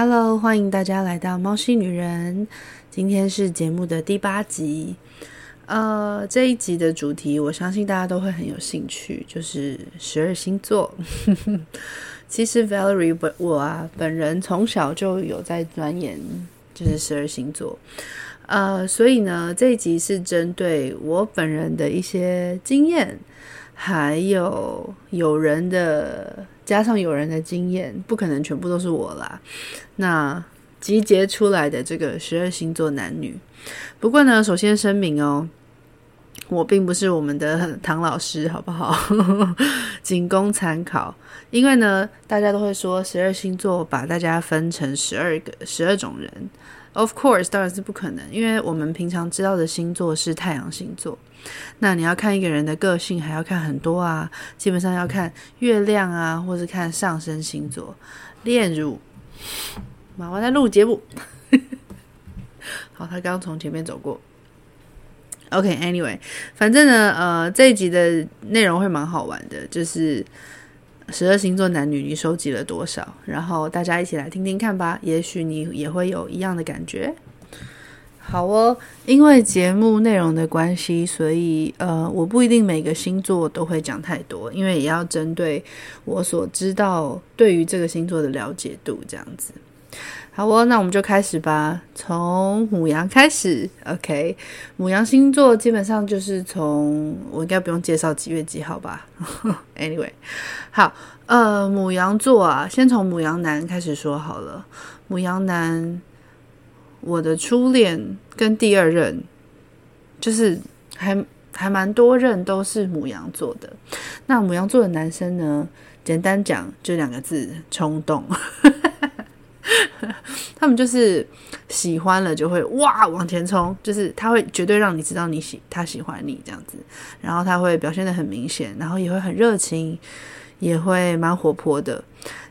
Hello，歡迎大家來到《貓系女人》。今天是節目的第八集，呃，這一集的主題我相信大家都會很有興趣，就是十二星座。 其實 Valerie，我啊，我啊本人從小就有在鑽研，就是十二星座。呃，所以呢，這一集是針對我本人的一些經驗，還有有人的。加上有人的經驗，不可能全部都是我啦。那集結出來的這個十二星座男女，不過呢，首先聲明哦，我並不是我們的唐老師，好不好？僅 供參考，因為呢，大家都會說十二星座把大家分成十二個、十二種人。Of course，當然是不可能，因為我們平常知道的星座是太陽星座。那你要看一個人的個性，還要看很多啊，基本上要看月亮啊，或是看上升星座。例如媽媽在錄節目。 好，他剛剛從前面走過。OK，Anyway，、okay, 反正呢，呃，這一集的內容會蠻好玩的，就是。十二星座男女，你收集了多少？然後大家一起來聽聽看吧，也許你也會有一樣的感覺。好哦，因為節目內容的關係，所以呃，我不一定每個星座都會講太多，因為也要針對我所知道對於這個星座的了解度這樣子。好哦，那我們就開始吧。從牡羊開始，OK。牡羊星座基本上就是從我應該不用介紹幾月幾號吧。 Anyway，好，呃，牡羊座啊，先從牡羊男開始說好了。牡羊男，我的初戀跟第二任，就是還還蠻多任都是牡羊座的。那牡羊座的男生呢，簡單講就兩個字：衝動。 他們就是喜歡了就會哇往前衝，就是他會絕對讓你知道你喜他喜歡你這樣子，然後他會表現得很明顯，然後也會很熱情，也會蠻活潑的。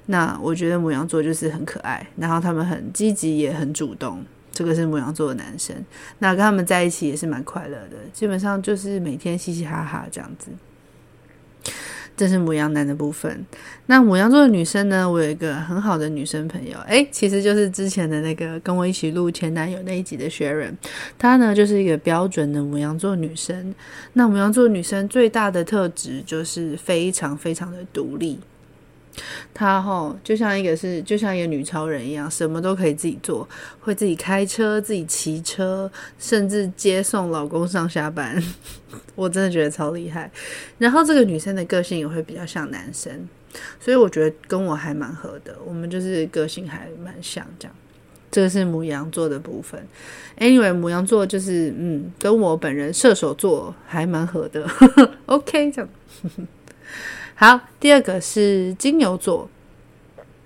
那我覺得牡羊座就是很可愛，然後他們很積極也很主動。這個是牡羊座的男生，那跟他們在一起也是蠻快樂的，基本上就是每天嘻嘻哈哈這樣子。這是牡羊男的部分。那牡羊座的女生呢？我有一個很好的女生朋友，哎，其實就是之前的那個跟我一起錄前男友那一集的學人，她呢就是一個標準的牡羊座女生。那牡羊座女生最大的特質就是非常非常的獨立。她吼、哦，就像一個是，是就像一個女超人一樣，什麼都可以自己做，會自己開車、自己騎車，甚至接送老公上下班。 我真的覺得超厲害。然後這個女生的個性也會比較像男生，所以我覺得跟我還蠻合的。我們就是個性還蠻像這樣。這個是牡羊座的部分。Anyway，牡羊座就是嗯，跟我本人射手座還蠻合的。 OK，這樣。好，第二個是金牛座。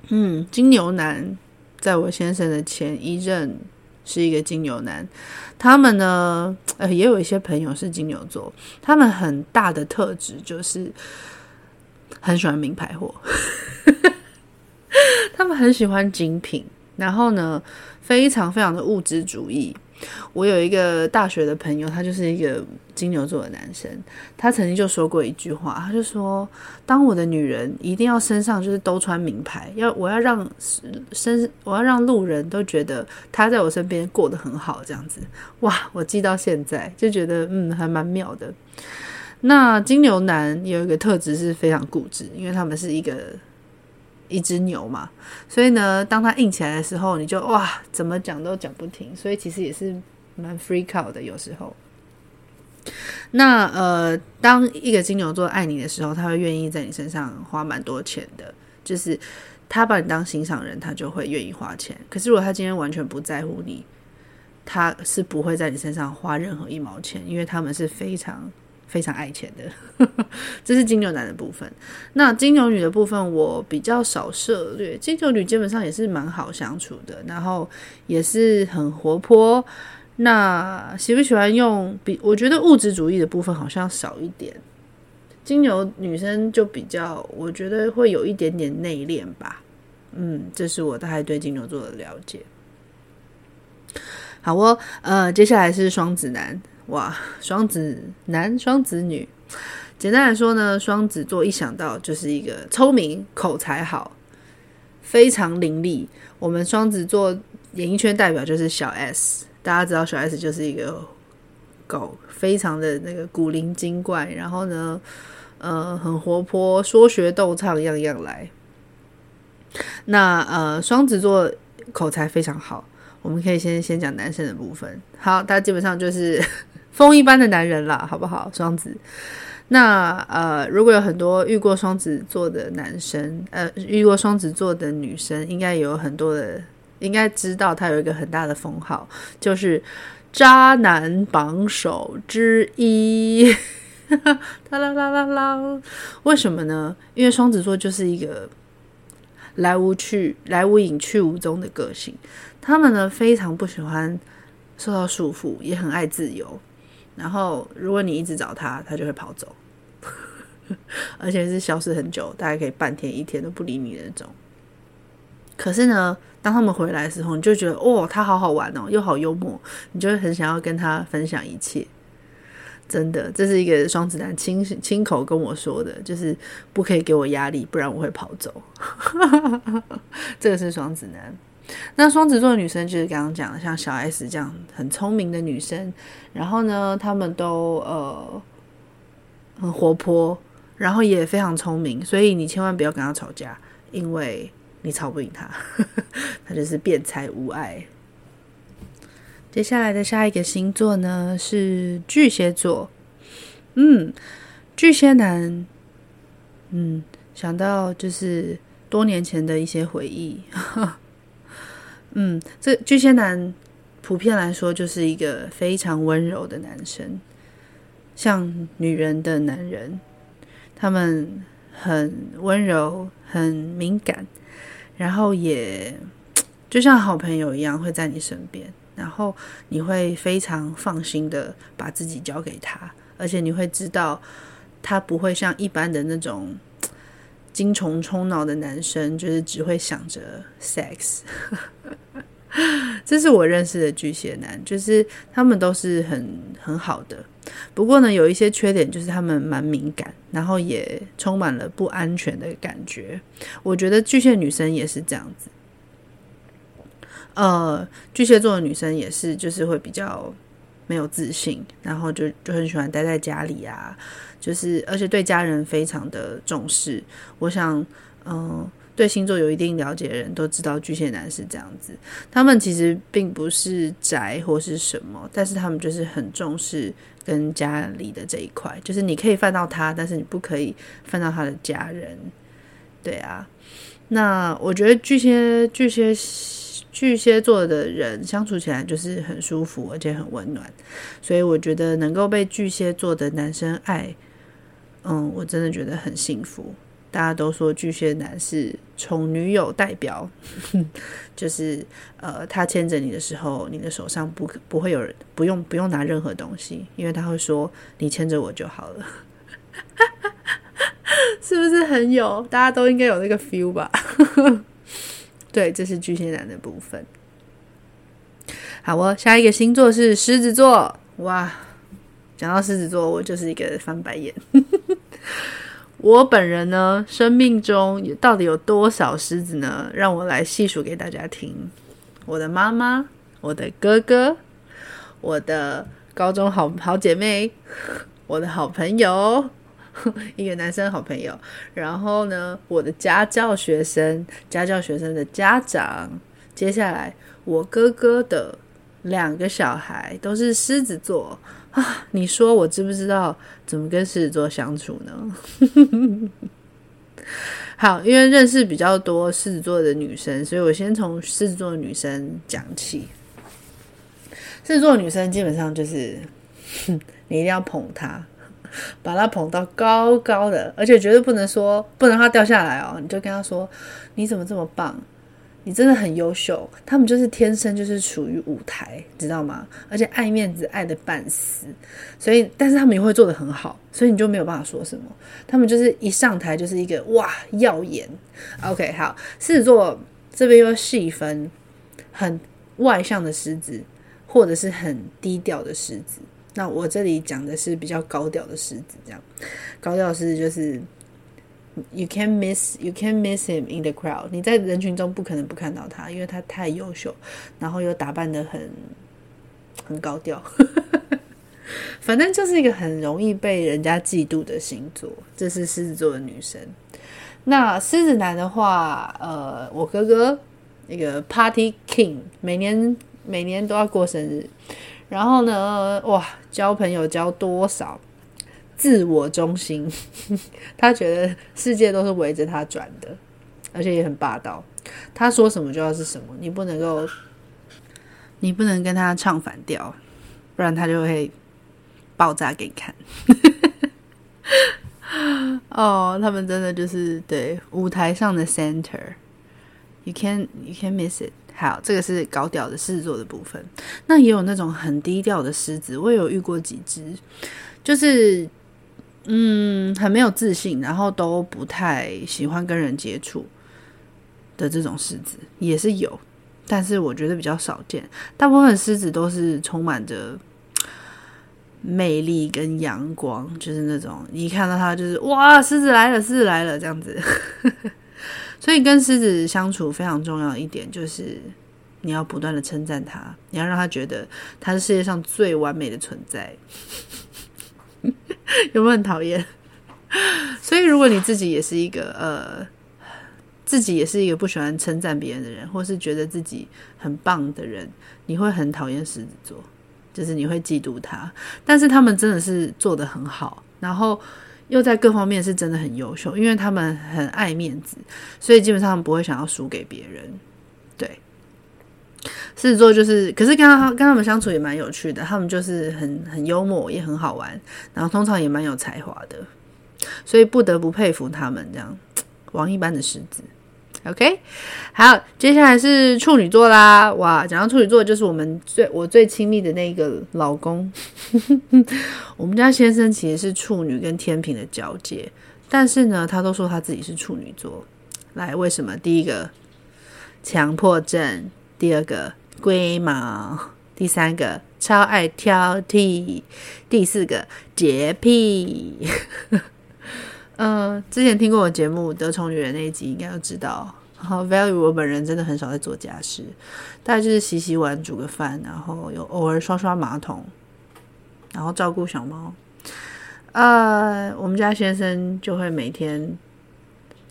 嗯，金牛男，在我先生的前一任是一個金牛男。他們呢，也有一些朋友是金牛座。他們很大的特質就是很喜歡名牌貨， 他們很喜歡精品。然後呢，非常非常的物質主義。我有一個大學的朋友，他就是一個金牛座的男生。他曾經就說過一句話，他就說：“當我的女人一定要身上就是都穿名牌，要我要讓身我要讓路人都覺得他在我身邊過得很好，這樣子。”哇，我記到現在就覺得嗯，還蠻妙的。那金牛男有一個特質是非常固執，因為他們是一個。一隻牛嘛，所以呢，當它硬起來的時候，你就哇，怎麼講都講不停。所以其實也是蠻 freak out 的，有時候。那呃，當一個金牛座愛你的時候，他會願意在你身上花蠻多錢的，就是他把你當心上人，他就會願意花錢。可是如果他今天完全不在乎你，他是不會在你身上花任何一毛錢，因為他們是非常。非常愛錢的， 這是金牛男的部分。那金牛女的部分，我比較少涉獵。金牛女基本上也是蠻好相處的，然後也是很活潑。那喜不喜歡用？比我覺得物質主義的部分好像少一點。金牛女生就比較，我覺得會有一點點內斂吧。嗯，這是我大概對金牛座的了解。好，哦，呃，接下來是雙子男。哇，雙子男、雙子女，簡單來說呢，雙子座一想到就是一個聰明、口才好、非常伶俐。我們雙子座演藝圈代表就是小 S，大家知道小 S 就是一個狗，非常的那個古靈精怪，然後呢，呃，很活潑，說學逗唱樣樣來。那呃，雙子座口才非常好，我們可以先先講男生的部分。好，大家基本上就是。風一般的男人啦，好不好？雙子，那呃，如果有很多遇過雙子座的男生，呃，遇過雙子座的女生，應該也有很多的，應該知道他有一個很大的封號，就是渣男榜首之一。哈哈啦啦啦啦，為什麼呢？因為雙子座就是一個來無去、來無影、去無蹤的個性，他們呢非常不喜歡受到束縛，也很愛自由。然後，如果你一直找他，他就會跑走， 而且是消失很久，大概可以半天、一天都不理你那種。可是呢，當他們回來的時候，你就覺得哦，他好好玩哦，又好幽默，你就會很想要跟他分享一切。真的，這是一個雙子男親親口跟我說的，就是不可以給我壓力，不然我會跑走。 這個是雙子男。那雙子座的女生就是剛剛講的，像小 S 這樣很聰明的女生。然後呢，她們都呃很活潑，然後也非常聰明，所以你千萬不要跟她吵架，因為你吵不贏她，呵呵，她就是辯才無礙。接下來的下一個星座呢是巨蟹座，嗯，巨蟹男，嗯，想到就是多年前的一些回憶。嗯，這巨蟹男普遍來說就是一個非常溫柔的男生，像女人的男人，他們很溫柔、很敏感，然後也就像好朋友一樣會在你身邊，然後你會非常放心的把自己交給他，而且你會知道他不會像一般的那種。精蟲充腦的男生就是只會想着 sex， 這是我認識的巨蟹男，就是他們都是很很好的。不過呢，有一些缺點，就是他們蠻敏感，然後也充滿了不安全的感覺。我覺得巨蟹女生也是這樣子，呃，巨蟹座的女生也是，就是會比較沒有自信，然後就就很喜歡待在家裡啊。就是，而且對家人非常的重視。我想，嗯，對星座有一定了解的人都知道，巨蟹男是這樣子。他們其實並不是宅或是什麼，但是他們就是很重視跟家裡的這一塊。就是你可以犯到他，但是你不可以犯到他的家人。對啊，那我覺得巨蟹、巨蟹、巨蟹座的人相處起來就是很舒服，而且很溫暖。所以我覺得能夠被巨蟹座的男生愛。嗯，我真的覺得很幸福。大家都說巨蟹男是寵女友代表，就是呃，他牽着你的時候，你的手上不不會有人不用不用拿任何東西，因為他會說你牽着我就好了， 是不是很有？大家都應該有那個 feel 吧？ 對，這是巨蟹男的部分。好哦，我下一個星座是獅子座。哇，講到獅子座，我就是一個翻白眼。我本人呢，生命中到底有多少獅子呢？讓我來細數給大家聽。我的媽媽，我的哥哥，我的高中好好姐妹，我的好朋友，一個男生好朋友。然後呢，我的家教學生，家教學生的家長。接下來，我哥哥的兩個小孩都是獅子座。啊，你說我知不知道怎麼跟獅子座相處呢？ 好，因為認識比較多獅子座的女生，所以我先從獅子座的女生講起。獅子座的女生基本上就是，你一定要捧她，把她捧到高高的，而且絕對不能說不能讓她掉下來哦，你就跟她說，你怎麼這麼棒。你真的很優秀，他們就是天生就是屬於舞台，知道嗎？而且愛面子愛的半死，所以但是他們也會做得很好，所以你就沒有辦法說什麼。他們就是一上台就是一個哇耀眼。OK，好，獅子座這邊又細分，很外向的獅子，或者是很低調的獅子。那我這裡講的是比較高調的獅子，這樣高調獅子就是。You can't miss, you can't miss him in the crowd. 你在人群中不可能不看到他，因為他太優秀，然後又打扮得很很高調。 反正就是一個很容易被人家嫉妒的星座，這是獅子座的女生。那獅子男的話，呃，我哥哥那個 Party King，每年每年都要過生日，然後呢，哇，交朋友交多少？自我中心呵呵，他覺得世界都是圍着他轉的，而且也很霸道。他說什麼就要是什麼，你不能夠，你不能跟他唱反調，不然他就會爆炸給你看。哦、 oh，他們真的就是對舞台上的 center，you can you can miss it。好，這個是高調的獅子座的部分。那也有那種很低調的獅子，我也有遇過幾只，就是。嗯，很沒有自信，然後都不太喜歡跟人接觸的這種獅子也是有，但是我覺得比較少見。大部分獅子都是充滿着魅力跟陽光，就是那種你一看到他就是哇，獅子來了，獅子來了這樣子。 所以跟獅子相處非常重要一點，就是你要不斷的稱讚他，你要讓他覺得他是世界上最完美的存在。 有沒有很討厭？ 所以如果你自己也是一個呃，自己也是一個不喜歡稱讚別人的人，或是覺得自己很棒的人，你會很討厭獅子座，就是你會嫉妒他。但是他們真的是做得很好，然後又在各方面是真的很優秀，因為他們很愛面子，所以基本上不會想要輸給別人。對。獅子座就是，可是跟他跟他們相處也蠻有趣的，他們就是很很幽默，也很好玩，然後通常也蠻有才華的，所以不得不佩服他們這樣，王一般的獅子。OK，好，接下來是處女座啦。哇，講到處女座，就是我們最我最親密的那個老公， 我們家先生其實是處女跟天秤的交界，但是呢，他都說他自己是處女座。來，為什麼？第一個，強迫症。第二個龜毛，第三個超愛挑剔，第四個潔癖。嗯、 呃，之前聽過我節目《得寵女人》那一集，應該都知道。然後，Valerie 我本人真的很少在做家事，大概就是洗洗碗、煮個飯，然後有偶爾刷刷馬桶，然後照顧小貓。呃，我們家先生就會每天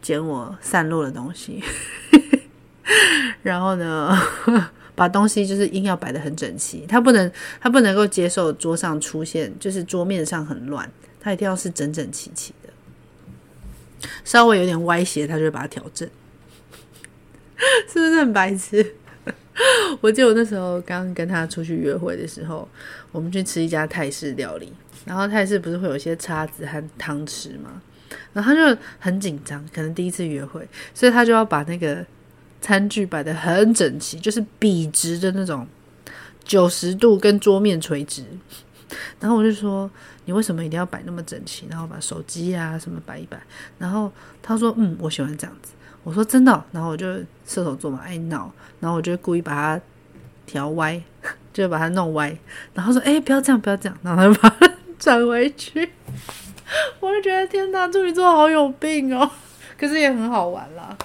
撿我散落的東西。 然後呢，把東西就是硬要擺得很整齊，他不能他不能夠接受桌上出現就是桌面上很亂，他一定要是整整齊齊的，稍微有點歪斜，他就會把它調整，是不是很白痴？我記得我那時候剛跟他出去約會的時候，我們去吃一家泰式料理，然後泰式不是會有一些叉子和湯匙嗎？然後他就很緊張，可能第一次約會，所以他就要把那個。餐具擺得很整齊，就是筆直的那種，九十度跟桌面垂直。然後我就說：“你為什麼一定要擺那麼整齊？”然後把手機啊什麼擺一擺。然後他說：“嗯，我喜歡這樣子。”我說：“真的。”然後我就射手座嘛，愛鬧，然後我就故意把它調歪，就把它弄歪。然後說：“哎、欸，不要這樣，不要這樣。”然後他就把它轉回去。我就覺得天哪，處女座好有病哦。可是也很好玩啦。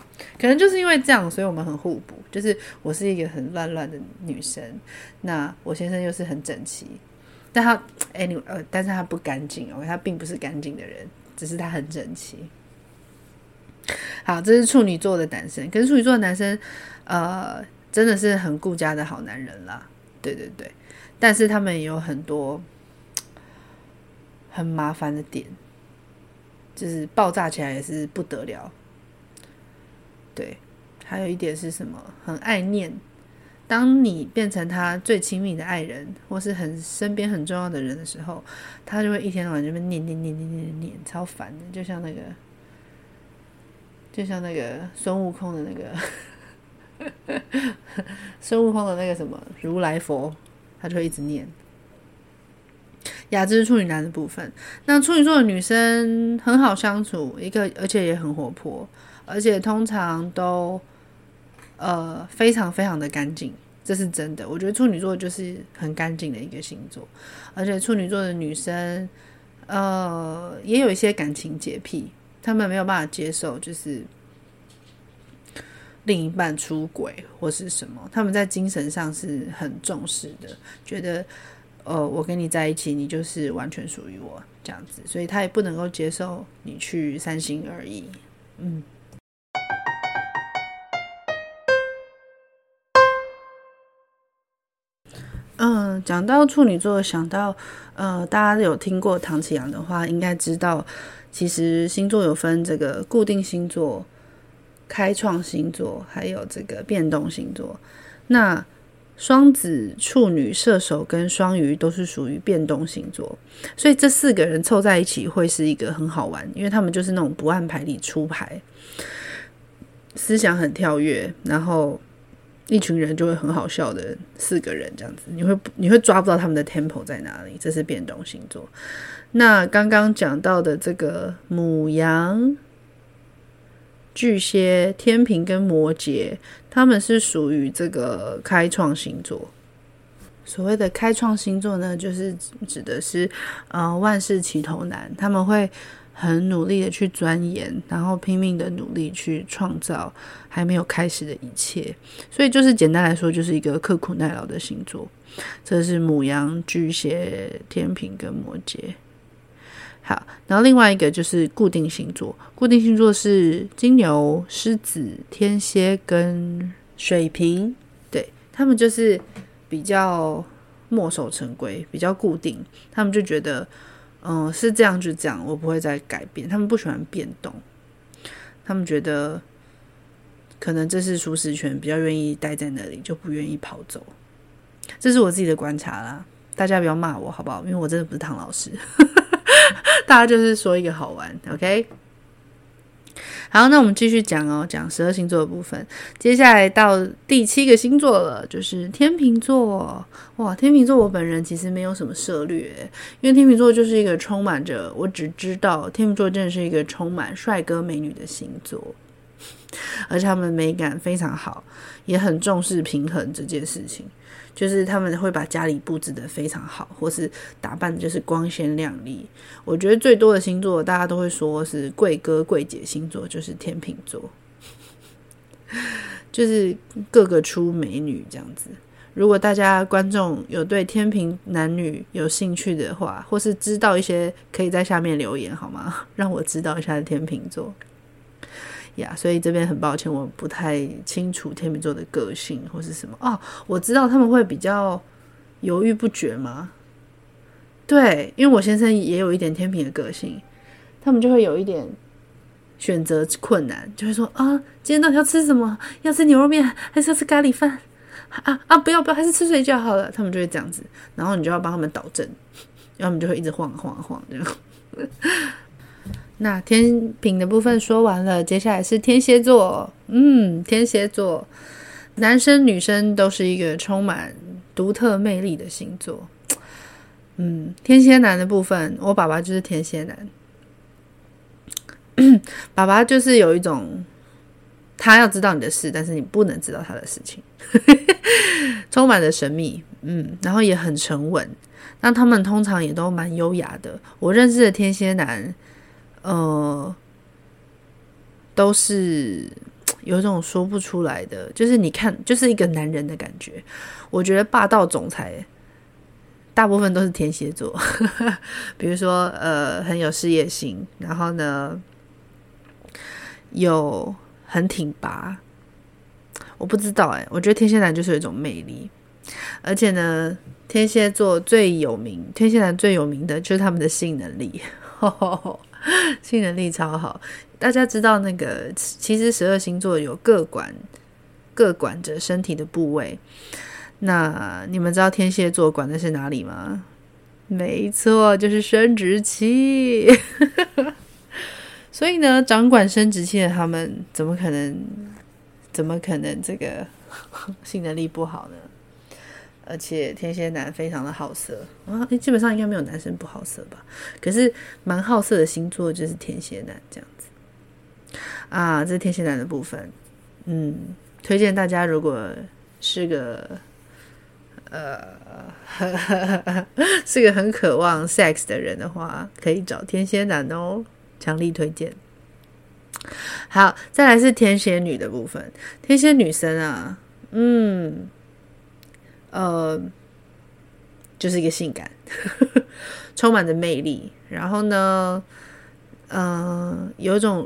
可能就是因為這樣，所以我們很互補。就是我是一個很亂亂的女生，那我先生又是很整齊，但他 any 呃，anyway, 但是他不乾淨哦，okay? 他並不是乾淨的人，只是他很整齊。好，這是處女座的男生，跟處女座的男生，呃，真的是很顧家的好男人啦。對對對，但是他們也有很多很麻煩的點，就是爆炸起來也是不得了。對，還有一點是什麼？很愛念。當你變成他最親密的愛人，或是很身邊很重要的人的時候，他就會一天到晚就會念念念念念念，超煩的。就像那個，就像那個孫悟空的那個， 孫悟空的那個什麼如來佛，他就會一直念。雅致是處女男的部分，那處女座的女生很好相處，一個而且也很活潑，而且通常都，呃，非常非常的乾淨，這是真的。我覺得處女座就是很乾淨的一個星座，而且處女座的女生，呃，也有一些感情潔癖，她們沒有辦法接受就是另一半出軌或是什麼，她們在精神上是很重視的，覺得。哦，我跟你在一起，你就是完全屬於我這樣子，所以他也不能夠接受你去三心二意。嗯，嗯，講到處女座，想到呃，大家有聽過唐綺陽的話，應該知道，其實星座有分這個固定星座、開創星座，還有這個變動星座。那雙子、處女、射手跟雙魚都是屬於變動星座，所以這四個人湊在一起會是一個很好玩，因為他們就是那種不按牌理出牌，思想很跳躍，然後一群人就會很好笑的四個人這樣子，你會你會抓不到他們的 tempo 在哪裡，這是變動星座。那剛剛講到的這個牡羊。巨蟹、天秤跟摩羯，他們是屬於這個開創星座。所謂的開創星座呢，就是指的是，呃，萬事起頭難，他們會很努力的去鑽研，然後拼命的努力去創造還沒有開始的一切。所以就是簡單來說，就是一個刻苦耐勞的星座。這是牡羊、巨蟹、天秤跟摩羯。好，然後另外一個就是固定星座，固定星座是金牛、獅子、天蠍跟水瓶，對，他們就是比較墨守成規，比較固定。他們就覺得，嗯、呃，是這樣就這樣，我不會再改變。他們不喜歡變動，他們覺得可能這是舒適圈，比較願意待在那裡，就不願意跑走。這是我自己的觀察啦，大家不要罵我好不好？因為我真的不是唐老師。 大家就是說一個好玩，OK？好，那我們繼續講哦，講十二星座的部分。接下來到第七個星座了，就是天秤座。哇，天秤座我本人其實沒有什麼涉獵，因為天秤座就是一個充滿着……我只知道天秤座真的是一個充滿帥哥美女的星座。而且他們美感非常好，也很重視平衡這件事情。就是他們會把家裡布置得非常好，或是打扮的就是光鮮亮麗。我覺得最多的星座，大家都會說是貴哥貴姐星座，就是天秤座， 就是各個出美女這樣子。如果大家觀眾有對天秤男女有興趣的話，或是知道一些，可以在下面留言好嗎？讓我知道一下天秤座。呀，所以這邊很抱歉，我不太清楚天秤座的個性或是什麼哦。我知道他們會比較猶豫不決嘛？對，因為我先生也有一點天秤的個性，他們就會有一點選擇困難，就會說啊，今天到底要吃什麼？要吃牛肉麵，還是要吃咖喱飯？啊啊，不要不要，還是吃水餃好了。他們就會這樣子，然後你就要幫他們導正，然後他們就會一直晃晃晃這樣。那天秤的部分說完了，接下來是天蠍座。嗯，天蠍座，男生女生都是一個充滿獨特魅力的星座。嗯，天蠍男的部分，我爸爸就是天蠍男， 爸爸就是有一種他要知道你的事，但是你不能知道他的事情， 充滿了神秘。嗯，然後也很沉穩。那他們通常也都蠻優雅的。我認識的天蠍男。呃，都是有種說不出來的，就是你看，就是一個男人的感覺。我覺得霸道總裁大部分都是天蠍座， 比如說呃，很有事業心，然後呢，有很挺拔。我不知道哎、欸，我覺得天蠍男就是有一種魅力，而且呢，天蠍座最有名，天蠍男最有名的就是他們的性能力。 性能力超好，大家知道那個其實十二星座有各管各管着身體的部位。那你們知道天蠍座管的是哪裡嗎？沒錯，就是生殖器。 所以呢，掌管生殖器的他們，怎麼可能怎麼可能這個性能力不好呢？而且天蠍男非常的好色啊、欸，基本上應該沒有男生不好色吧？可是蠻好色的星座就是天蠍男這樣子啊，這是天蠍男的部分。嗯，推薦大家如果是個呃， 是個很渴望 sex 的人的話，可以找天蠍男哦，強力推薦。好，再來是天蠍女的部分，天蠍女生啊，嗯。呃，就是一個性感呵呵，充滿着魅力，然後呢，嗯、呃，有一種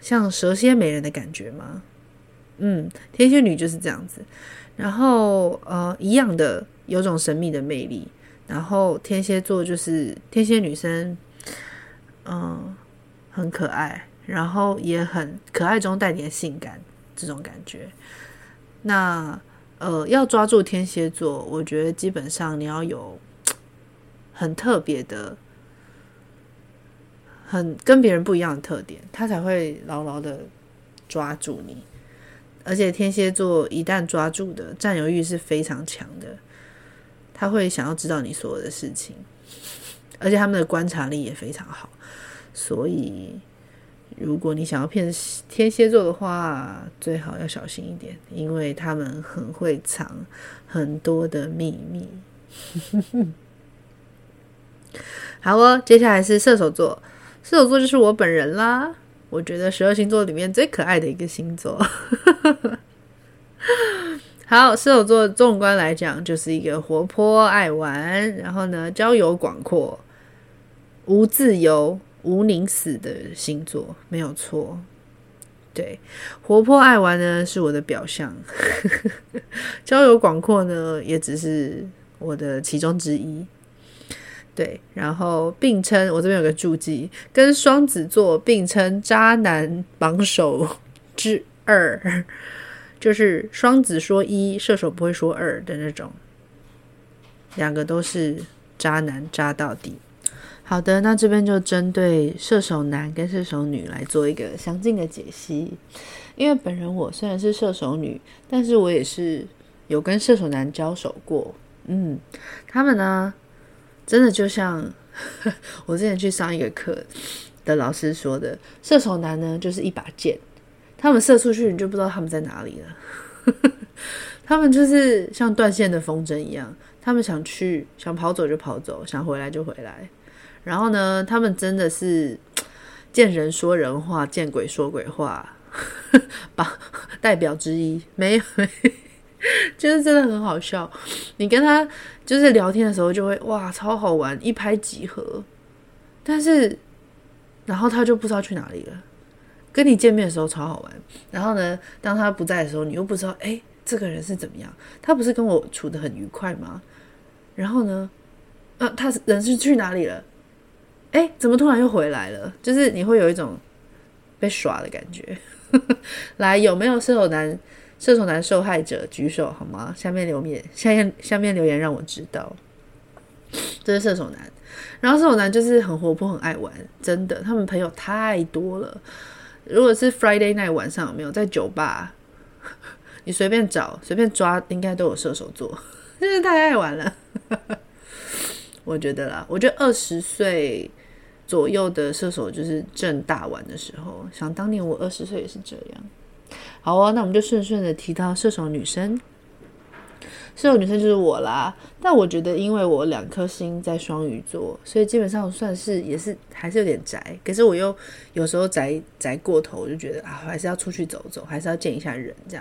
像蛇蠍美人的感覺嗎？嗯，天蠍女就是這樣子，然後呃，一樣的有種神秘的魅力，然後天蠍座就是天蠍女生，嗯、呃，很可愛，然後也很可愛中帶點性感這種感覺，那。呃，要抓住天蠍座，我覺得基本上你要有很特別的、很跟別人不一樣的特點，他才會牢牢的抓住你。而且天蠍座一旦抓住的占有欲是非常強的，他會想要知道你所有的事情，而且他們的觀察力也非常好，所以，如果你想要騙天蠍座的話，最好要小心一點，因為他們很會藏很多的秘密。 好哦，接下來是射手座，射手座就是我本人啦。我覺得十二星座裡面最可愛的一個星座。 好，射手座縱觀來講就是一個活潑、愛玩，然後呢，交友廣闊，無自由，無寧死的星座沒有錯，對，活潑愛玩呢是我的表象， 交友廣闊呢也只是我的其中之一，對。然後並稱，我這邊有個注記，跟雙子座並稱渣男榜首之二，就是雙子說一，射手不會說二的那種，兩個都是渣男，渣到底。好的，那這邊就針對射手男跟射手女來做一個詳盡的解析。因為本人我雖然是射手女，但是我也是有跟射手男交手過。嗯，他們呢，真的就像呵我之前去上一個課的老師說的，射手男呢就是一把箭，他們射出去你就不知道他們在哪裡了。呵呵，他們就是像斷線的風箏一樣，他們想去想跑走就跑走，想回來就回來。然後呢，他們真的是見人說人話，見鬼說鬼話，呵呵，把代表之一，沒有，沒有，就是真的很好笑。你跟他就是聊天的時候，就會哇，超好玩，一拍即合。但是，然後他就不知道去哪裡了。跟你見面的時候超好玩，然後呢，當他不在的時候，你又不知道，哎，這個人是怎麼樣？他不是跟我處得很愉快嗎？然後呢，啊，他人是去哪裡了？哎，怎麼突然又回來了？就是你會有一種被耍的感覺。 來，有沒有射手男？射手男受害者舉手好嗎？下面留言，下面下面留言讓我知道，這是射手男。然後射手男就是很活潑，很愛玩，真的，他們朋友太多了。如果是 Friday night 晚上，有沒有在酒吧？你隨便找，隨便抓，應該都有射手座，真的太愛玩了。 我覺得啦，我覺得二十歲。左右的射手就是正大玩的時候，想當年我二十歲也是這樣。好啊，那我們就順順的提到射手女生，射手女生就是我啦。但我覺得，因為我兩顆星在雙魚座，所以基本上算是也是還是有點宅。可是我又有時候宅宅過頭，我就覺得啊，我還是要出去走走，還是要見一下人這樣。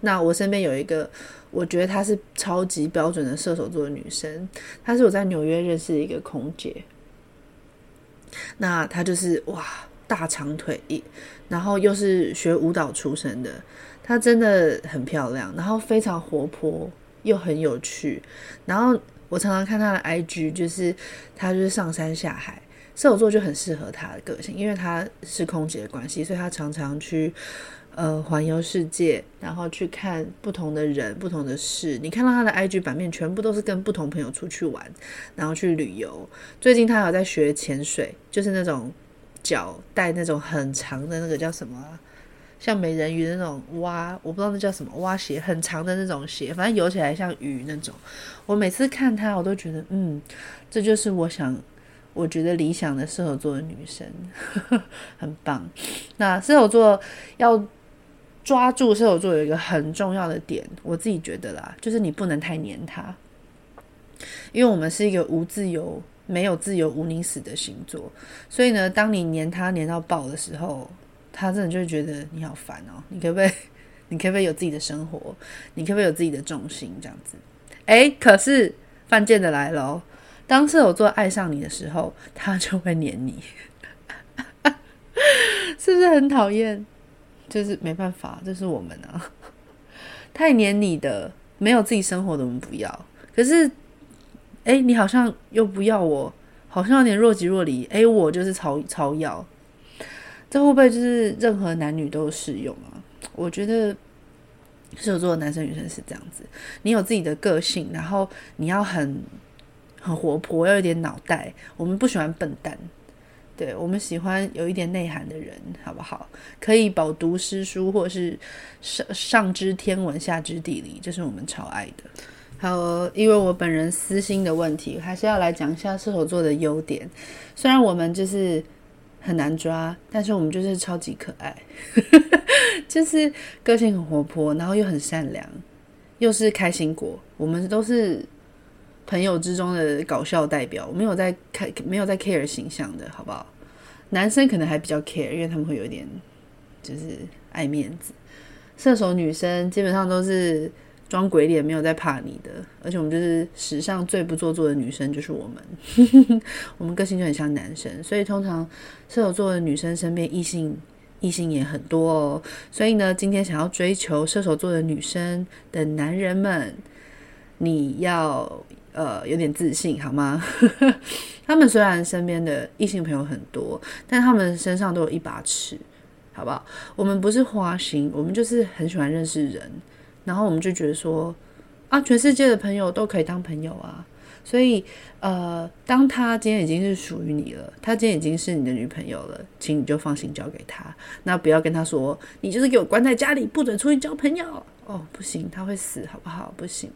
那我身邊有一個，我覺得她是超級標準的射手座的女生，她是我在紐約認識的一個空姐。那她就是哇，大長腿，然後又是學舞蹈出身的，她真的很漂亮，然後非常活潑，又很有趣。然後我常常看她的 IG，就是她就是上山下海，射手座就很適合她的個性，因為她是空姐的關係，所以她常常去。呃，環遊世界，然後去看不同的人、不同的事。你看到他的 IG 版面，全部都是跟不同朋友出去玩，然後去旅遊。最近他還有在學潛水，就是那種腳帶那種很長的那個叫什麼，像美人魚那種蛙，我不知道那叫什麼蛙鞋，很長的那種鞋，反正游起來像魚那種。我每次看他，我都覺得，嗯，這就是我想，我覺得理想的射手座的女生呵呵，很棒。那射手座要。抓住射手座有一個很重要的點，我自己覺得啦，就是你不能太黏他，因為我們是一個無自由，沒有自由，毋寧死的星座，所以呢，當你黏他黏到爆的時候，他真的就會覺得你好煩哦，喔！你可不可以？你可不可以有自己的生活？你可不可以有自己的重心？這樣子？哎、欸，可是犯賤的來了，當射手座愛上你的時候，他就會黏你， 是不是很討厭？就是沒辦法，這是我們啊，太黏你的，沒有自己生活的，我們不要，可是，哎、欸，你好像又不要我，好像有點若即若離。哎、欸，我就是超超要，這會不會就是任何男女都適用啊？我覺得射手座的男生女生是這樣子，你有自己的個性，然後你要很很活潑，要有點腦袋，我們不喜歡笨蛋。對，我們喜歡有一點內涵的人，好不好？可以飽讀詩書，或是上上知天文，下知地理，這是我們超愛的。還有，因為我本人私心的問題，還是要來講一下射手座的優點。雖然我們就是很難抓，但是我們就是超級可愛， 就是個性很活潑，然後又很善良，又是開心果。我們都是。朋友之中的搞笑代表，我沒有在看，沒有在 care 形象的，好不好？男生可能還比較 care，因為他們會有點就是愛面子。射手女生基本上都是裝鬼臉，沒有在怕你的。而且我們就是史上最不做作的女生，就是我們。 我們個性就很像男生，所以通常射手座的女生身邊異性異性也很多哦。所以呢，今天想要追求射手座的女生的男人們，你要。呃，有點自信，好嗎？ 他們雖然身邊的異性朋友很多，但他們身上都有一把尺，好不好？我們不是花心，我們就是很喜歡認識人，然後我們就覺得說，啊，全世界的朋友都可以當朋友啊。所以，呃，當他今天已經是屬於你了，他今天已經是你的女朋友了，請你就放心交給他，那不要跟他說，你就是給我關在家裡，不准出去交朋友。哦，不行，他會死，好不好？不行。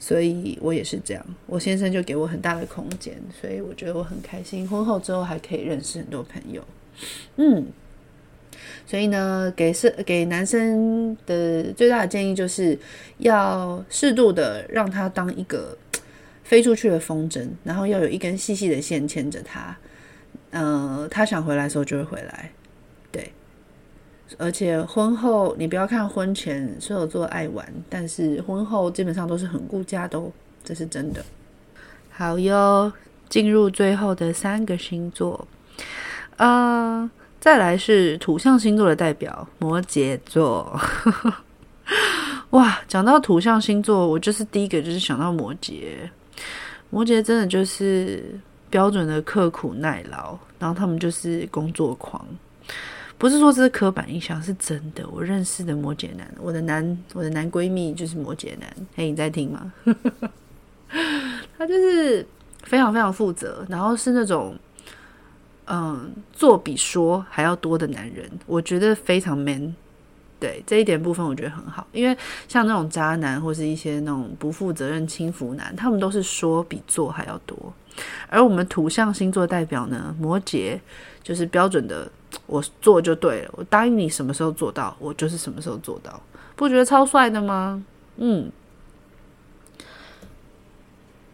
所以我也是這樣，我先生就給我很大的空間，所以我覺得我很開心。婚後之後還可以認識很多朋友，嗯，所以呢，給是給男生的最大的建議就是要適度的讓他當一個飛出去的風箏，然後要有一根細細的線牽着他，嗯、呃，他想回來的時候就會回來，對。而且婚後，你不要看婚前射手座愛玩，但是婚後基本上都是很顧家的，哦，這是真的。好喲，進入最後的三個星座，嗯，uh，再來是土象星座的代表摩羯座。 哇，講到土象星座，我就是第一個就是想到摩羯。摩羯真的就是標準的刻苦耐勞，然後他們就是工作狂。不是說這是刻板印象，是真的。我認識的摩羯男，我的男，我的男閨蜜就是摩羯男。嘿，你在聽嗎？ 他就是非常非常負責，然後是那種嗯，做比說還要多的男人。我覺得非常 man 對。對這一點部分，我覺得很好，因為像那種渣男或是一些那種不負責任輕浮男，他們都是說比做還要多。而我們土象星座代表呢，摩羯就是標準的。我做就對了，我答應你什麼時候做到，我就是什麼時候做到，不覺得超帥的嗎？嗯，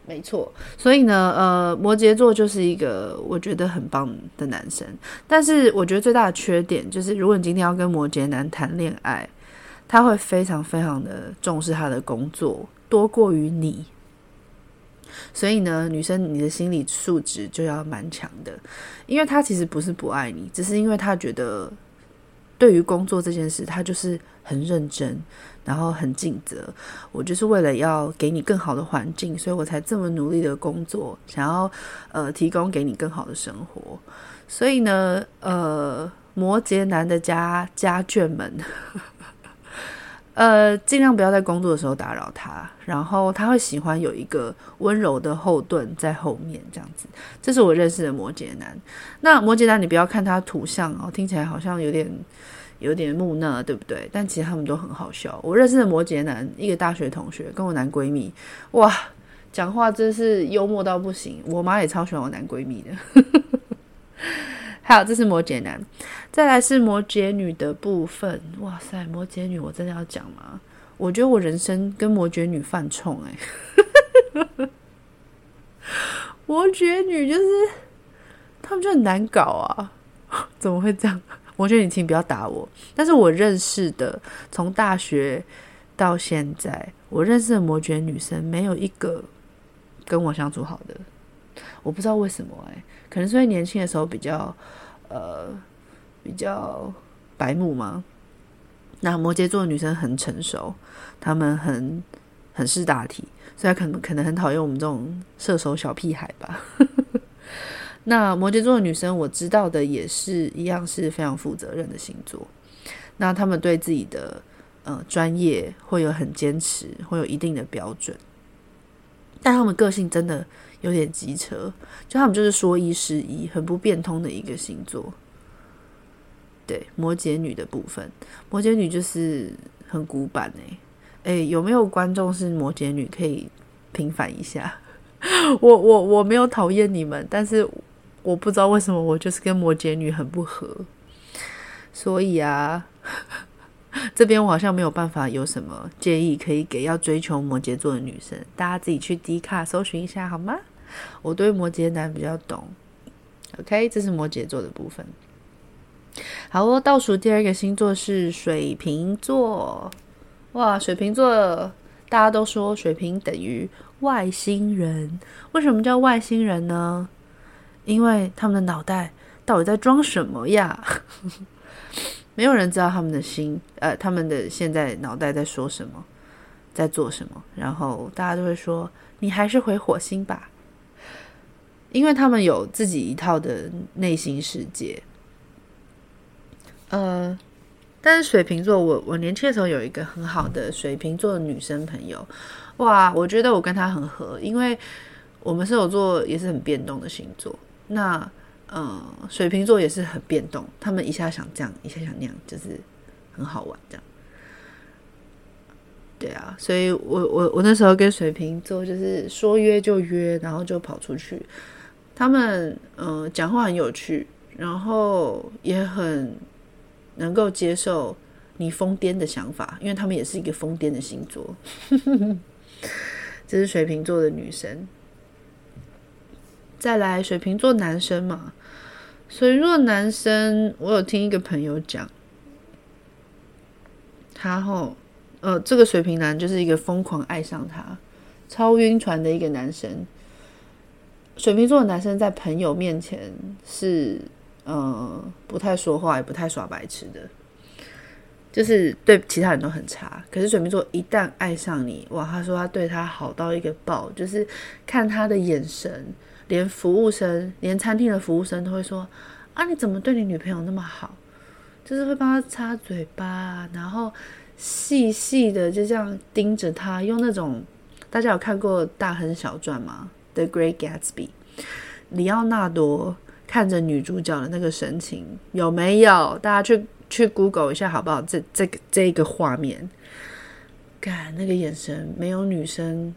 沒錯。所以呢，呃，摩羯座就是一個我覺得很棒的男生，但是我覺得最大的缺點就是，如果你今天要跟摩羯男談戀愛，他會非常非常的重視他的工作，多過於你。所以呢，女生，你的心理素質就要蠻強的，因為他其實不是不愛你，只是因為他覺得，對於工作這件事，他就是很認真，然後很盡責。我就是為了要給你更好的環境，所以我才這麼努力的工作，想要呃提供給你更好的生活。所以呢，呃，摩羯男的家家眷們。 呃，盡量不要在工作的時候打擾他。然後他會喜歡有一個溫柔的後盾在後面，這樣子。這是我認識的摩羯男。那摩羯男，你不要看他圖像哦，聽起來好像有點有點木訥，對不對？但其實他們都很好笑。我認識的摩羯男，一個大學同學，跟我男閨蜜，哇，講話真是幽默到不行。我媽也超喜歡我男閨蜜的。 還有，這是摩羯男，再來是摩羯女的部分。哇塞，摩羯女，我真的要講嗎？我覺得我人生跟摩羯女犯沖哎。 摩羯女就是他們就很難搞啊，怎麼會這樣？摩羯女，請不要打我。但是我認識的，從大學到現在，我認識的摩羯女生沒有一個跟我相處好的，我不知道為什麼哎、欸。可能是因為年輕的時候比較，呃，比較白目嘛。那摩羯座的女生很成熟，他們很很識大體，所以可能可能很討厭我們這種射手小屁孩吧。 那摩羯座的女生我知道的也是一樣是非常負責任的星座。那他們對自己的呃專業會有很堅持，會有一定的標準。但他們個性真的有點機車，就他們就是說一是一，很不變通的一個星座。對，摩羯女的部分，摩羯女就是很古板哎、欸、哎、欸，有沒有觀眾是摩羯女可以平反一下？我我我沒有討厭你們，但是我不知道為什麼我就是跟摩羯女很不合，所以啊。這邊我好像沒有辦法有什麼建議可以給要追求摩羯座的女生，大家自己去 D 卡搜尋一下好嗎？我對摩羯男比較懂。OK，這是摩羯座的部分。好哦，倒數第二個星座是水瓶座。哇，水瓶座大家都說水瓶等於外星人，為什麼叫外星人呢？因為他們的腦袋到底在裝什麼呀？ 沒有人知道他們的心，呃，他們的現在腦袋在說什麼，在做什麼。然後大家都會說：“你還是回火星吧。”因為他們有自己一套的內心世界。呃，但是水瓶座，我我年輕的時候有一個很好的水瓶座的女生朋友，哇，我覺得我跟她很合，因為我們射手座也是很變動的星座。那嗯，水瓶座也是很變動，他們一下想這樣，一下想那樣，就是很好玩這樣。對啊，所以我我我那時候跟水瓶座就是說約就約，然後就跑出去。他們嗯，講話很有趣，然後也很能夠接受你瘋癲的想法，因為他們也是一個瘋癲的星座。 這是水瓶座的女生。再來水瓶座男生嘛，水瓶座男生，我有聽一個朋友講，他吼，呃，這個水瓶男就是一個瘋狂愛上他、超暈船的一個男生。水瓶座的男生在朋友面前是，嗯，不太說話，也不太耍白痴的，就是對其他人都很差。可是水瓶座一旦愛上你，哇，他說他對他好到一個爆，就是看他的眼神。連服務生，連餐廳的服務生都會說：“啊，你怎麼對你女朋友那麼好？”就是會幫她擦嘴巴，然後細細的就這樣盯着她。用那種大家有看過《大亨小傳》嗎？《The Great Gatsby》李奧納多看着女主角的那個神情，有沒有？大家去去 Google 一下好不好？這這這一個畫面，看那個眼神，沒有女生，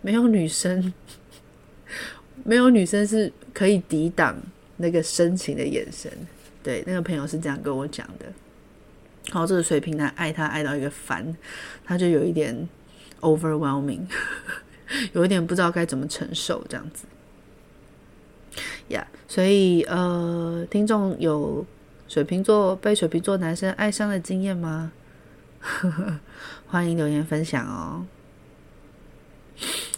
沒有女生。沒有女生是可以抵擋那個深情的眼神，對，那個朋友是這樣跟我講的。好，這個水瓶男愛他愛到一個煩，他就有一點 overwhelming， 有一點不知道該怎麼承受這樣子。呀，Yeah，所以呃，聽眾有水瓶座被水瓶座男生愛上的經驗嗎？ 歡迎留言分享哦。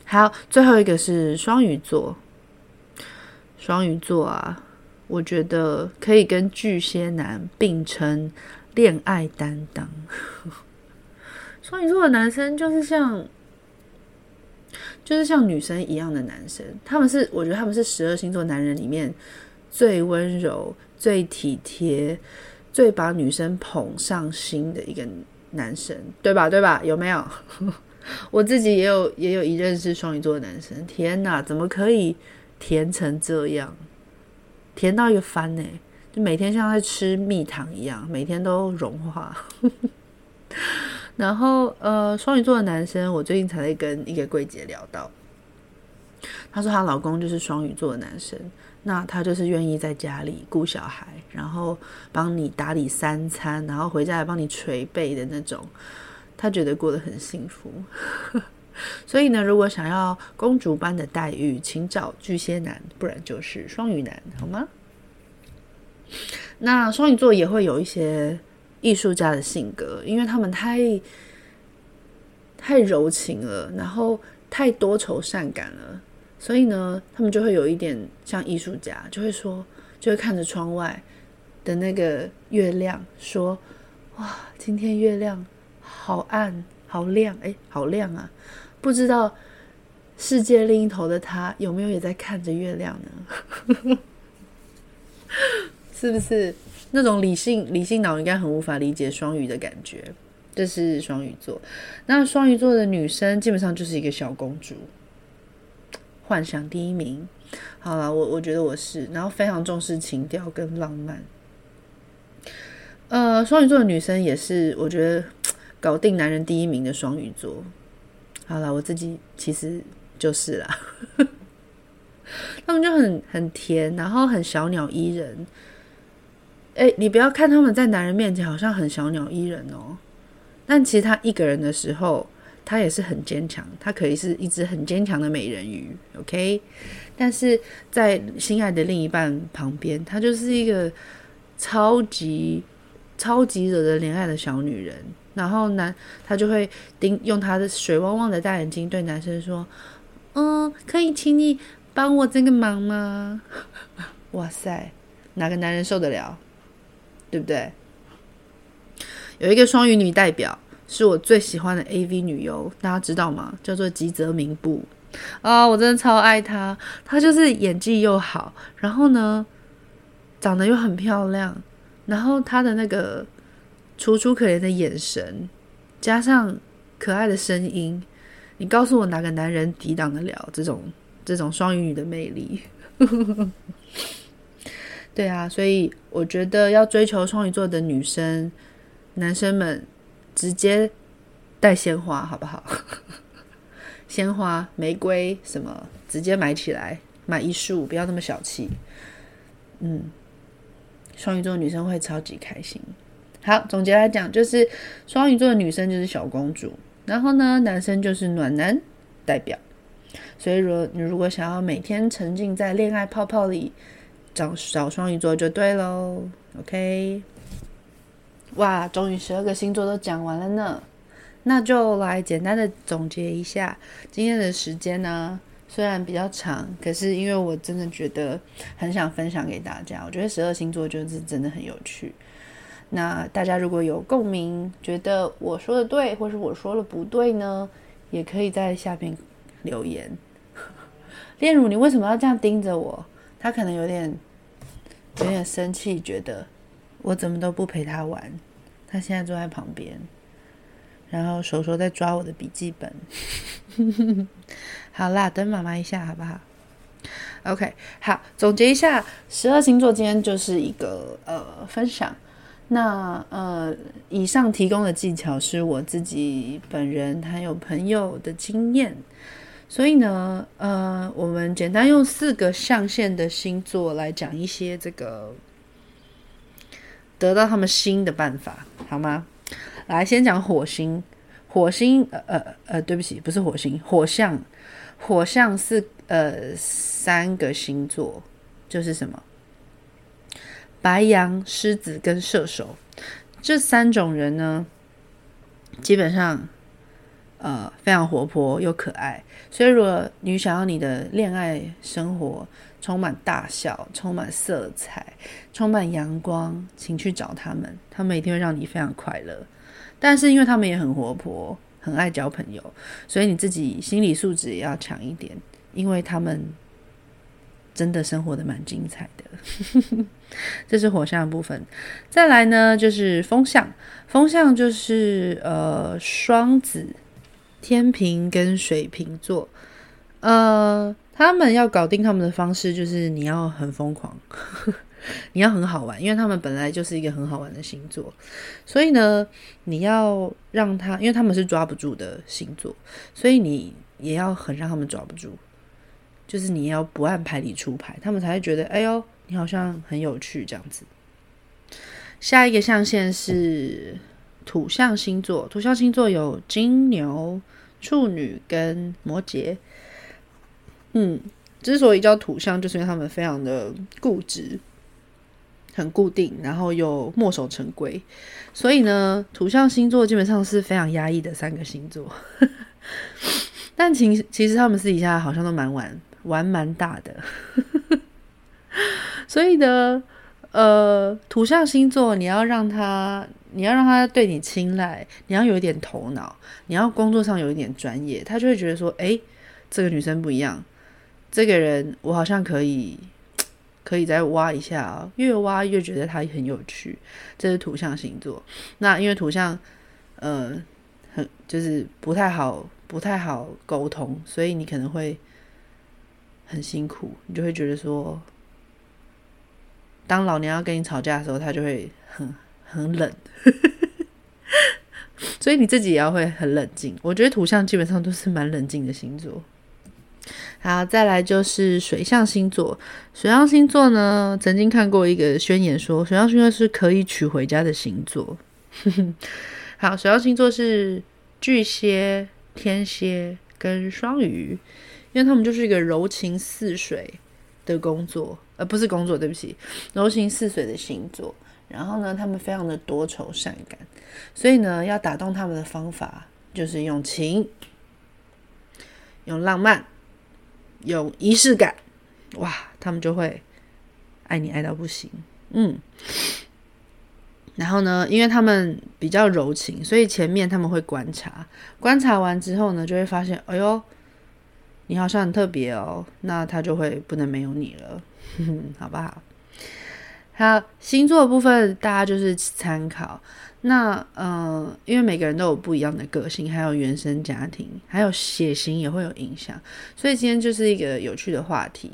好，最後一個是雙魚座，雙魚座啊，我覺得可以跟巨蟹男並稱戀愛擔當。雙魚座的男生就是像，就是像女生一樣的男生，他們是我覺得他們是十二星座男人裡面最溫柔、最體貼、最把女生捧上心的一個男生，對吧？對吧？有沒有？呵呵我自己也有也有一任是雙魚座的男生，天哪，怎麼可以甜成這樣？甜到一個翻欸，就每天像在吃蜜糖一樣，每天都融化。 然後呃，雙魚座的男生，我最近才在跟一個櫃姐聊到，她說她老公就是雙魚座的男生，那他就是願意在家裡顧小孩，然後幫你打理三餐，然後回家來幫你捶背的那種。他覺得過得很幸福， 所以呢，如果想要公主般的待遇，請找巨蟹男，不然就是雙魚男，好嗎？那雙魚座也會有一些藝術家的性格，因為他們太太柔情了，然後太多愁善感了，所以呢，他們就會有一點像藝術家，就會說，就會看着窗外的那個月亮，說：“哇，今天月亮。”好暗，好亮，誒。好亮啊！不知道世界另一頭的他有沒有也在看着月亮呢？ 是不是那種理性理性腦應該很無法理解雙魚的感覺？這是雙魚座。那雙魚座的女生基本上就是一個小公主，幻想第一名。好啦，我我覺得我是，然後非常重視情調跟浪漫。呃，雙魚座的女生也是，我覺得。搞定男人第一名的雙魚座，好了，我自己其實就是啦。 他們就很很甜，然後很小鳥依人。哎、欸，你不要看他們在男人面前好像很小鳥依人哦、喔，但其實他一個人的時候，他也是很堅強。他可以是一隻很堅強的美人魚，OK？但是在心愛的另一半旁邊，他就是一個超級超級惹人憐愛的小女人。然後男他就會盯用他的水汪汪的大眼睛對男生說：“嗯，可以請你幫我這個忙嗎？”哇塞，哪個男人受得了？對不對？有一個雙魚女代表是我最喜歡的 AV 女優，大家知道嗎？叫做吉澤明步啊，我真的超愛她。她就是演技又好，然後呢長得又很漂亮，然後她的那個。楚楚可憐的眼神，加上可愛的聲音，你告訴我哪個男人抵擋得了這種這種雙魚女的魅力？ 對啊，所以我覺得要追求雙魚座的女生，男生們直接帶鮮花好不好？ 鮮花、玫瑰什麼，直接買起來，買一束，不要那麼小氣。嗯，雙魚座的女生會超級開心。好，總結來講，就是雙魚座的女生就是小公主，然後呢，男生就是暖男代表。所以說，你如果想要每天沉浸在戀愛泡泡裡，找找雙魚座就對嘍。OK，哇，終於十二個星座都講完了呢。那就來簡單的總結一下今天的時間呢，啊，雖然比較長，可是因為我真的覺得很想分享給大家，我覺得十二星座就是真的很有趣。那大家如果有共鳴，覺得我說的對，或是我說的不對呢，也可以在下面留言。煉乳，你為什麼要這樣盯着我？他可能有點有點生氣，覺得我怎麼都不陪他玩。他現在坐在旁邊，然後手手在抓我的筆記本。 好啦，等媽媽一下，好不好？OK，好，總結一下，十二星座今天就是一個呃分享。那呃，以上提供的技巧是我自己本人還有朋友的經驗，所以呢，呃，我們簡單用四個象限的星座來講一些這個得到他們心的辦法，好嗎？來，先講火星，火星，呃呃呃，對不起，不是火星，火象，火象是呃三個星座，就是什麼？白羊、獅子跟射手這三種人呢，基本上，呃，非常活潑又可愛。所以，如果你想要你的戀愛生活充滿大笑、充滿色彩、充滿陽光，請去找他們，他們一定會讓你非常快樂。但是，因為他們也很活潑，很愛交朋友，所以你自己心理素質也要強一點，因為他們，真的生活的蠻精彩的， 這是火象的部分。再來呢，就是風象，風象就是呃雙子、天秤跟水瓶座。呃，他們要搞定他們的方式，就是你要很瘋狂呵呵，你要很好玩，因為他們本來就是一個很好玩的星座。所以呢，你要讓他，因為他們是抓不住的星座，所以你也要很讓他們抓不住。就是你要不按牌理出牌，他們才會覺得，哎呦，你好像很有趣這樣子。下一個象限是土象星座，土象星座有金牛、處女跟摩羯。嗯，之所以叫土象，就是因為他們非常的固執、很固定，然後又墨守成規。所以呢，土象星座基本上是非常壓抑的三個星座， 但其實其實他們私底下好像都蠻玩。玩蠻大的， 所以呢，呃，土象星座，你要讓他，你要讓他對你青睞，你要有一點頭腦，你要工作上有一點專業，他就會覺得說，欸，這個女生不一樣，這個人我好像可以，可以再挖一下哦，越挖越覺得她很有趣。這是土象星座，那因為土象，呃，很就是不太好，不太好溝通，所以你可能會。很辛苦，你就會覺得說，當老娘要跟你吵架的時候，他就會很很冷， 所以你自己也要會很冷靜。我覺得土象基本上都是蠻冷靜的星座。好，再來就是水象星座。水象星座呢，曾經看過一個宣言說，水象星座是可以娶回家的星座。 好，水象星座是巨蟹、天蠍跟雙魚。因為他們就是一個柔情似水的工作，呃，不是工作，對不起，柔情似水的星座。然後呢，他們非常的多愁善感，所以呢，要打動他們的方法就是用情、用浪漫、有儀式感。哇，他們就會愛你愛到不行。嗯，然後呢，因為他們比較柔情，所以前面他們會觀察，觀察完之後呢，就會發現，哎呦。你好像很特別哦，那他就會不能沒有你了，呵呵，嗯、好不好？好，星座的部分大家就是參考。那嗯、呃，因為每個人都有不一樣的個性，還有原生家庭，還有血型也會有影響，所以今天就是一個有趣的話題。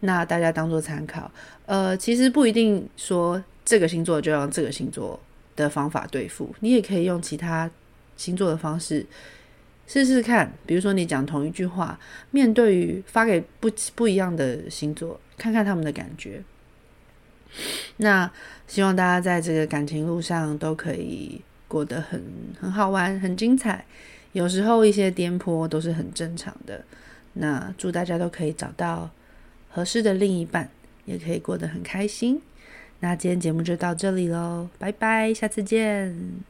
那大家當做參考，呃，其實不一定說這個星座就用這個星座的方法對付，你也可以用其他星座的方式。試試看，比如說你講同一句話，面對於發給不不一樣的星座，看看他們的感覺。那希望大家在這個感情路上都可以過得很很好玩、很精彩。有時候一些顛簸都是很正常的。那祝大家都可以找到合適的另一半，也可以過得很開心。那今天節目就到這裡嘍，拜拜，下次見。